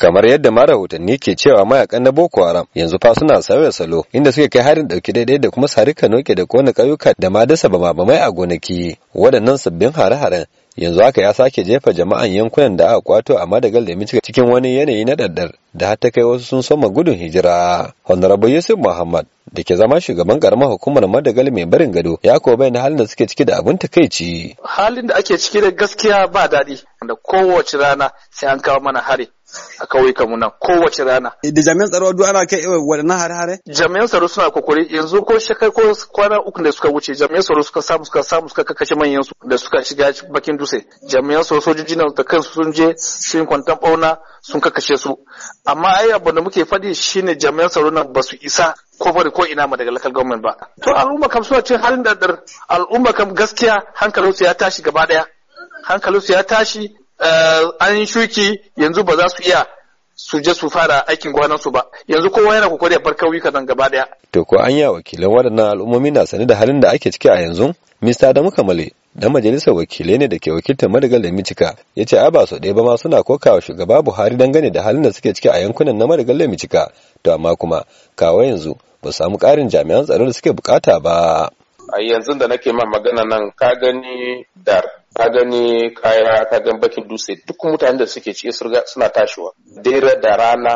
kamar yadda ma rahotanni ke cewa mayakan na boko haram yanzu fa suna sauya salo inda suke kai harin dauki daidai da kuma sarika noke da kona kayuka da ma dasa bamabamai a gonaki waɗannan sabbin hare-haren yanzu haka ya sake jefa jama'an yankunan da aka kwato a madagal da mincika cikin wani yanayi na daddar da har ta kai wasu sun soma gudun hijira honorable yusuf muhammad da ke zama shugaban karamar hukumar madagal mai barin gado ya ko bayyana halin da suke ciki da abin takaici halin da ake ciki da gaskiya ba daɗi da kowace rana sai an kawo mana hari a kauyukan mu nan kowace rana. Da jami'an tsaro duk ana kai waɗannan hare-hare? Jami'an tsaro suna kokari yanzu ko shekaru ko kwana uku da suka wuce jami'an tsaro suka samu suka samu suka kakkashe manyan su da suka shiga bakin dutse. Jami'an tsaro sojoji nan da kansu sun je sun kwantan bauna sun kakkashe su. Amma ai abu da muke faɗi shine jami'an tsaro nan ba su isa ko bari ko ina ma daga local government ba. To al'umma kam suna cin halin da al'umma kam gaskiya hankalinsu ya tashi gaba ɗaya. hankalinsu ya tashi Eh, an shuki yanzu ba za su iya suje su fara aikin gwanansu ba yanzu kowa yana kokari ya bar kauyuka nan gaba daya to ko an ya wakilan waɗannan al'ummomi na sane da halin da ake ciki a yanzu Mr. Adamu Kamale da majalisar wakilai ne da ke wakiltar madagal da micika ya ce a ba su ɗaya ba ma suna kokawa shugaba buhari dangane da halin da suke ciki a yankunan na madagal da micika to amma kuma kawo yanzu ba samu ƙarin jami'an tsaro da suke bukata ba a yanzu da nake ma magana nan ka gani dar. ka gani kaya ka gan bakin dutse duk mutanen da suke ci suna tashiwa dare da rana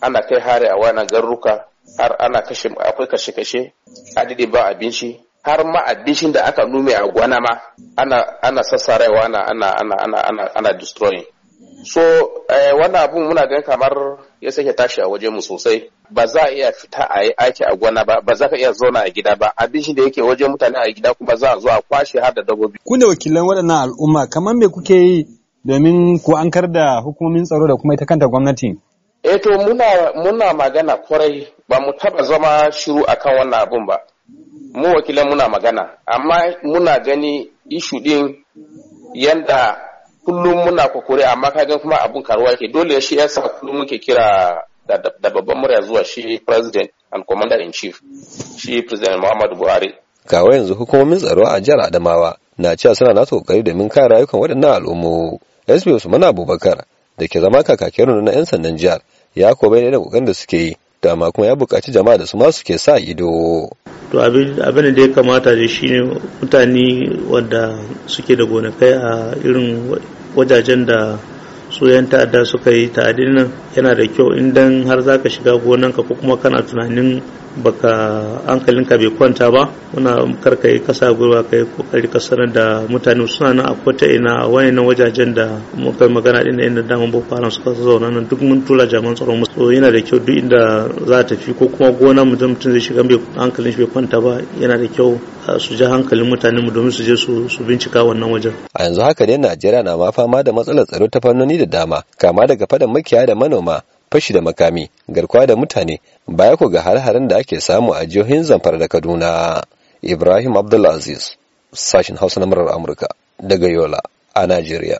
ana kai hari a wannan garuruka har ana kashe akwai kashe-kashe adadin ba abinci har ma abincin da aka nume a gwana ma ana ana sassarawa ana ana ana ana ana, ana destroying So eh, wannan abun muna gan kamar ya sake tashi a waje mu sosai ba za a iya fita a yi aiki a gona ba ba za ka iya zauna a gida ba Abin shi da yake waje, mutane a gida kuma za a zo a kwashe har da dabbobi. Ku ne wakilan waɗannan al'umma kamar me kuke yi domin ku ankar da hukumomin tsaro da kuma ita kanta gwamnati. Eh to muna muna magana kwarai ba mu taba zama shiru akan wannan abun ba. Mu wakilan muna magana amma muna gani ishu din yanda kullum muna kwakwari amma kagan kuma abun karuwa yake dole shi yasa kullum muke kira da babban murya zuwa shi president and commander in chief shi president muhammadu buhari kawo yanzu hukumomin tsaro a jihar adamawa na cewa suna nasu kokari domin kare rayukan waɗannan al'ummu sb usman abubakar da ke zama kakakin na 'yan sandan jihar ya ko ne da kokarin da suke yi dama kuma ya buƙaci jama'a da su ma suke sa ido to abin da ya kamata da shi ne mutane wadda suke da gonakai a irin wajajen da su yan ta'adda suka yi ta'adin nan yana da kyau idan har zaka shiga gonanka ko kuma kana tunanin baka hankalinka bai kwanta ba muna karka yi kasa gurwa ka yi kokari ka sanar da mutane suna nan a kota ina a wayannan wajajen da muka magana din inda daman boko haram suka zauna nan duk mun tura jaman tsaron musu yana da kyau duk inda za ta fi ko kuma gona mutum mutum zai shiga bai hankalin shi bai kwanta ba yana da kyau su ja hankalin mutane mu domin su je su bincika wannan wajen a yanzu haka dai Najeriya na ma fama da matsalar tsaro ta fannoni da dama kama daga fadan makiya da manoma fashi da makami garkuwa da mutane baya ko ga har-haren da ake samu a jihohin Zamfara da Kaduna Ibrahim Abdulaziz sashin Hausa na murar Amurka daga Yola a Najeriya